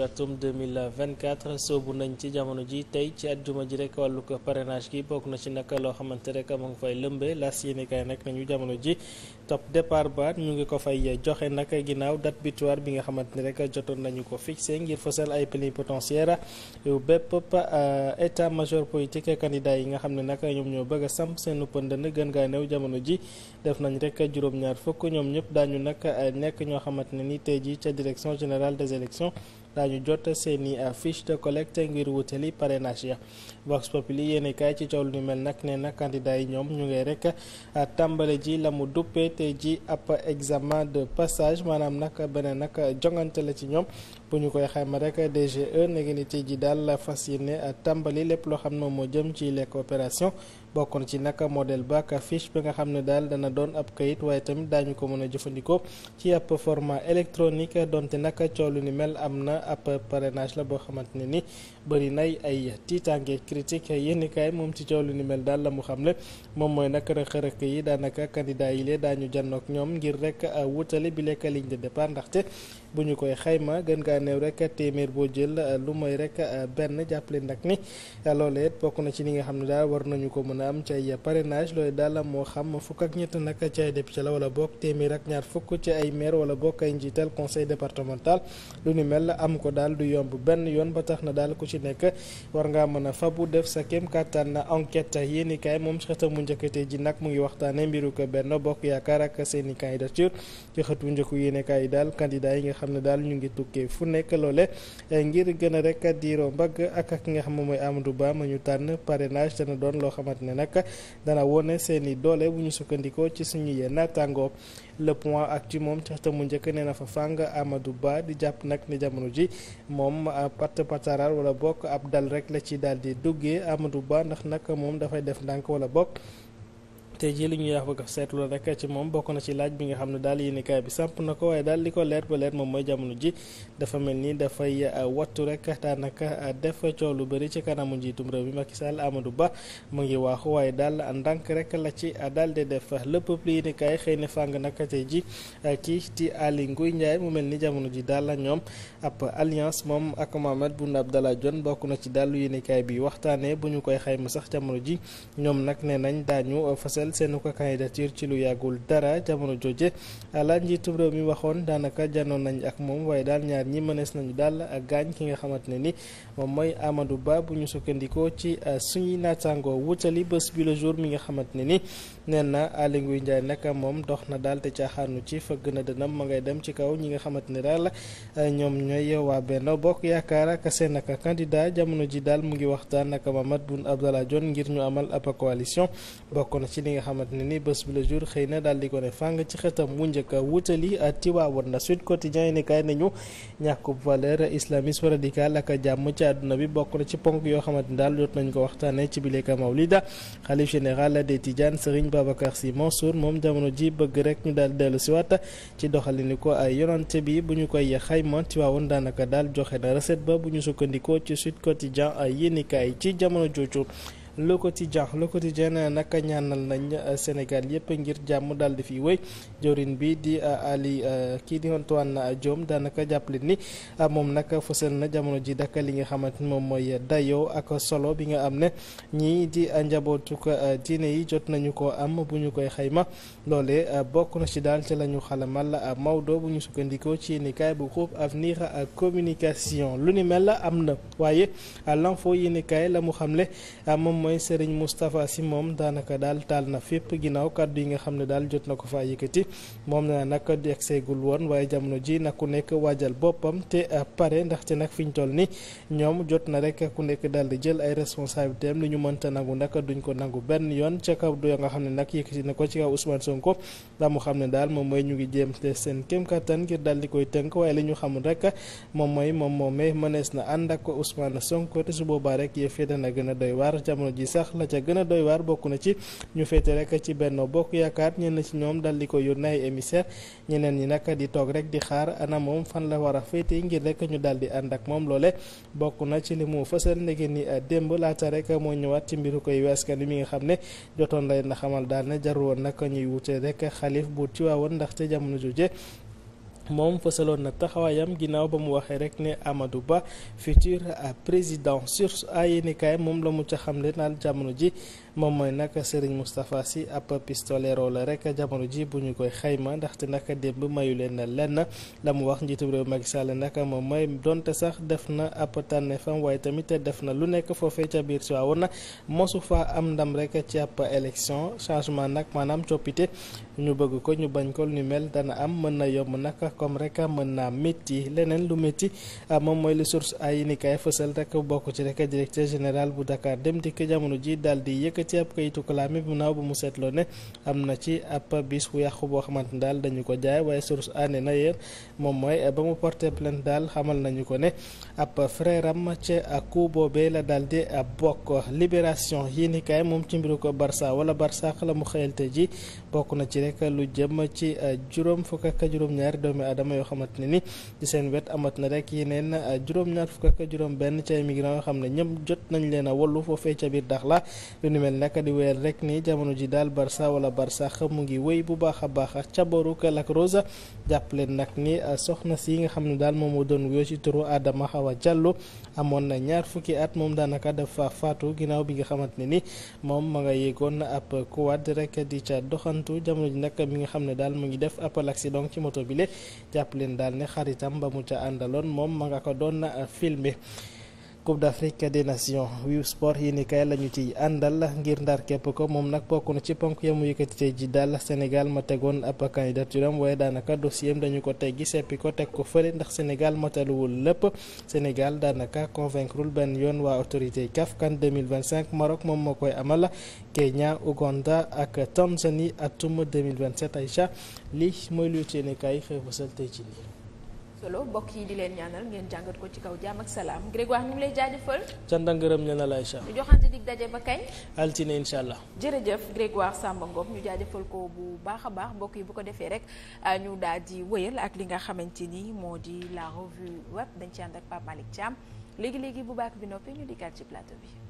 atum 2024 soobu nañ ci jamono ji tey ci àjjuma ji rek wàllu ko parrainage gi bokk na ci nag loo xamante rek mu ngi fay lëmbee las yéenekaay nag nañu jamono ji top départ ba mu ngi ko fay joxe nag ginnaaw date butoir bi nga xamante ni rek jotoon nañu ko fixé ngir fësal ay plénipotentiaire yu bépp euh, état major politique candidat yi nga xam ne nag ñoom ñoo bëgg a samp seen pëndën gën ngaa néew jamono ji def nañ rek juróom-ñaar fukk ñoom ñëpp daañu nag euh, nekk ñoo xamante ne ni tey ji ca direction générale des élections daañu jot seeni i euh, fiche de collecte ngir wutali parrainage ya Vox Populi yéen kaay ci coow lu mel nag nee na candidat yi ñoom ñu ngay rek euh, tàmbale ji la mu duppee te ji ab examen de passage maanaam nag beneen nag jongante la ci ñoom bu ñu koy xayma rek DGE na ngeen ji daal la fas yéene euh, tàmbali lépp loo xam ne moo jëm ci les coopérations. bokk na ci nag modèle ba ak fiche bi nga xam ne daal dana doon ab kayit waaye tamit daañu ko mën a jëfandikoo ci ab format électronique donte nag coow lu ni mel am na ab parrainage la boo xamante ne ni bëri nay ay tiitaange critique yenn kaay moom ci coow lu ni mel daal la mu ne moom mooy nag rëq-rëq yi daanaka candidat yi lee daañu jànnoog ñoom ngir rek wutale bi lekk ligne de départ ndaxte bu ñu koy xayma gën gaa néew rek téeméer boo jël lu mooy rek benn jàppale nag ni na am ci ay parrainage looy a moo xam fukk ak ñett nag ci ay député la wala bokk téeméer ak ñaar fukk ci ay maire wala bokk ay njiital conseil départemental lu ni mel am ko daal du yomb benn yoon ba tax na daal ku ci nekk war ngaa mën a fabu def sa kéem kàttan na enquête yéeni moom xëta mu njëkkate ji nag mu ngi waxtaane mbiru ko benn bokk yaakaar ak seeni candidature ci xëtu njëkku yéeni yi daal candidat yi nga xam ne daal ñu ngi eh, a ne nag dana wone seeni doole wu ñu sukkandikoo ci suñu yee naataangoo le point ak ci moom ca mu njëkk nee na fa fàng amadu Ba di jàpp nag ni jamono ji moom pat pataral wala bokk ab dal rek la ci daal di duggee Amadou baax ndax nag moom dafay def ndànk wala bokk. tey jii li ñu yaa bëgg a seetlu rek ci moom bokk na ci laaj bi nga xam ne daal yéenekaay bi samp na ko waaye daal li ko leer ba leer moom mooy jamono ji mel ni dafay uh, wattu rek daanaka uh, def coow lu bëri ci kanamu njiitum réew mi Macky Sall Amadou Ba mu ngi waaye daal ndànk rek la ci uh, daal di def le peuple yéenekaay xëy na fàng nag tey ji kii di Aly Ngouille njaay mu mel ni jamono ji daal la ñoom ab alliance moom ak bu Boun dala jon bokk na ci daal lu yéenekaay bi waxtaanee bu ñu koy xayma sax jamono ji ñoom nag nee nañ daañu fasal fësal seen ko candidature ci lu yàggul dara jamono jooje la njiitum réew mi waxoon daanaka janoon nañ ak moom waaye daal ñaar ñi mënees nañu daal ak gaañ ki nga xamante ne ni moom mooy Amadou Ba bu ñu sukkandikoo ci uh, suñuy naataangoo wutali bés bi le jour mi nga xamante ne ni nee na Aly Ngouille Ndiaye nag moom dox na daal te caaxaanu ci fëgg na dënam ma ngay dem ci kaw ñi nga xamante ne daal uh, ñoom ñooy waa Benno Bokk Yaakaar ak seen ak candidat jamono ji daal mu ngi waxtaan ak Mamadou Boun Abdallah Dionne ngir ñu amal ab coalition bokk nga xamante ne ni bés bi xëy na daal di ko ne fàng ci xetam mu njëkk a wutali uh, Tiwaawoon na Sud Quotidien yi ne kaay nañu ñàkkub valeur islamiste radical ak jàmm ci àdduna bi bokk na ci ponk yoo xamante ni daal jot nañ ko waxtaanee ci bile ka Mawlida xalif général des Tidiane Serigne Babacar Sy Mansour moom jamono ji bëgg rek ñu daal dellu si waat ci doxalinu ko ay yonante bi bu ñu koy xayma Tiwaawoon daanaka daal joxe na recette ba bu ñu sukkandikoo ci Sud Quotidien ay yéenikaay ci jamono jooju. le quotidien le quotidien naka ñaanal nañ euh, Sénégal yëpp ngir jàmm daal di fi woy jorin bi di euh, Ali euh, kii di Antoine Diome daanaka jàppale ni moom nag fësal na jamono ji daka li nga xamante ni moom mooy dayo ak solo bi nga am ne ñii di njabootu diine yi jot nañu ko am bu ñu koy xayma loolee bokk na ci daal ci la ñu xalamal Maodo bu ñu sukkandikoo ci yéenekaay bu groupe avenir communication lu ni mel am na waaye l'info yéenekaay la mu xamle moom mooy Serigne Moustapha Sy moom daanaka daal taal na fépp ginnaaw kàddu yi nga xam ne daal jot na ko faa yëkkati moom na nag yegg seegul woon waaye jamono ji nag ku nekk waajal boppam te eh, pare ndaxte nag fi ñu toll ni ñoom jot na rek ku nekk daal di jël ay responsabilité am li ñu mënta nangu nag duñ ko nangu benn yoon ca kaw ya nga xam ne nag yëkkati na ko ci kaw Ousmane Sonko la mu xam ne daal moom mooy ñu ngi jéem te seen kéem kattan ngir daal di koy tënk waaye li ñu xamul rek moom mooy moom moomee mënees na ànd ak Ousmane su boobaa ji sax la ca gën a doy waar bokk na ci ñu féete rek ci benn Bokk Yaakaar ñenn ci ñoom dal di ko yónnee ay émissaire ñeneen ñi nag di toog rek di xaar ana moom fan la war a féete ngir rek ñu daal di ànd ak moom loole bokk na ci li mu fësal ndege ni eh, démb laata rek moo ñëwaat ci mbiru koy weeskan mi nga xam ne jotoon lay na xamal daal ne jaru woon nag ñuy wute rek xalif bu Tiwaawoon ndaxte jamono jooje moom fësaloon na taxawaayam ginnaaw ba mu waxee rek ne Amadou Ba futur président sur yéenekaay moom la mu ca xamle naa jamono ji moom mooy nag Serigne Moustapha si ab pistolero la rek jamono ji bu ñu koy xayma ndaxte nag démb mayu leen na lenn la mu wax njiitu réew Macky Sall nag moom mooy donte sax def na ab tànneefam waaye tamit def na lu nekk foofee ca biir si waawoon na mosu fa am ndam rek ci ab élection changement nag maanaam coppite ñu bëgg ko ñu bañ ko ni mel dana am mën na yomb nag comme rek mën naa métti leneen lu métti ah, moom mooy li source ay ni kaay fësal rek bokk ci rek directeur général bu Dakar dem dikk jamono ji daal di yëkkati ab kayitu kalaami bu naaw bu mu seetloo ne am na ci ab bis bu yàqu boo xamante ne daal dañu ko jaay waaye source ane na yéen moom mooy ba mu porté plainte daal xamal nañu ko ne ab frère am ak coup boobee la daal a bokk libération yi ni moom ci mbiru ko Barça wala la mu xëyalte ji bokk rek lu jëm ci euh, juróom fukk ak juróom-ñaari doomi aadama yoo xamante ne ni ci seen wet amat na rek yeneen euh, juróom-ñaar fukk ak juróom-benn ci ay migrants yoo xam ne jot nañ leen a wallu foofee ca biir Daxla lu ni mel nag di wéyal rek ni jamono ji daal Barça wala Barsax mu ngi wéy bu baax a baax ak cabaru Lac Rose jàpp leen nag ni euh, soxna si nga xam ne daal moom moo doon wuyoo ci turu Adama Hawa Diallo amoon na ñaar fukki at moom daanaka dafa faatu ginnaaw bi nga xamante ne ni moom ma nga yéegoon ab kuwaat rek di ca doxantu jamono ji nag mi nga xam ne daal mu ngi def appel accident ci moto bi le jàpp leen daal ne xaritam ba mu ca àndaloon moom ma nga ko doon na filme Coupe d'Afrique des Nations wiw sport yi ni kay la ñu ciy àndal ngir ndar képp ko moom nag bokk na ci ponk yamu yëkkatite ji daal Sénégal ma tegoon ab candidature am waaye daanaka dossier am dañu ko teggi seppi ko teg ko fële ndax Sénégal mataluwul lépp Sénégal daanaka convaincrul benn yoon waa autorité CAF CAN 2025 Maroc moom moo koy amal Kenya Ouganda ak Tanzanie atum 2027 Aïcha li mooy lu ci ne kay xëy fësal tey ci nii solo mbokk yi di leen ñaanal ngeen jàngat ko ci kaw jàmm ak salaam Grégoire ñu ngi lay jaajëfal. cant ak ngërëm ñu ne la Aïcha. ñu joxante dig daje ba kañ. altine incha allah. jërëjëf Grégoire Samba Ngom ñu jaajëfal ko bu baax a baax bokk yi bu ko defee rek ah, ñu daal di wëyal ak li nga xamante nii moo di la revue web dañ ci ànd ak Pape Malick léegi léegi bu baax bi noppee ñu dikkaat ci plateau bi.